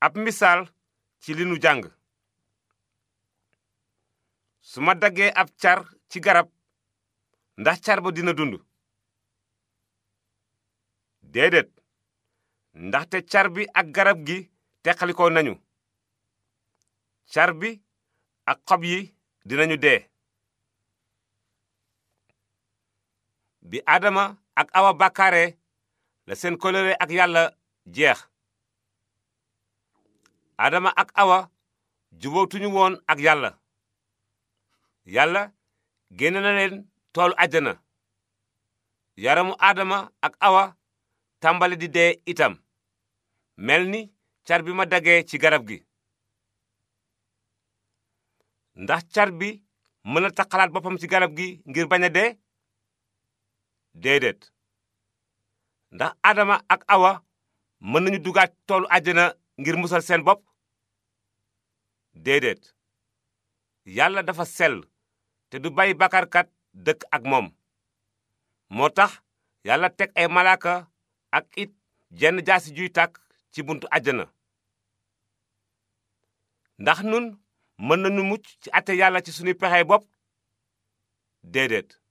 ab misaal ci li nu jàng su ma daggee ab car ci garab ndax car ba dina dund déedéet ndaxte car bi ak garab gi teqalikoo nañu car bi ak xob yi dinañu dee bi aadama ak awa bàkkaare la seen kóllëre ak yàlla jeex aadama ak awa jubootuñu woon ak yàlla yàlla génne na leen toolu àjjana yaramu aadama ak awa tàmbali di dee itam mel ni car bi ma dagee ci garab gi ndax car bi mën na taxalaat boppam ci garab gi ngir bañ a dee déedéet ndax adama ak awa mën nañu dugaat toolu àjjana ngir musal seen bopp déedéet yàlla dafa sel te du bàyyi bakkarkat dëkk ak moom moo tax yàlla teg ay malaaka ak it jenn jaasi juy tàkk ci buntu àjjana ndax nun mën nañu mucc ci àtte yàlla ci sunuy pexey bopp déedéet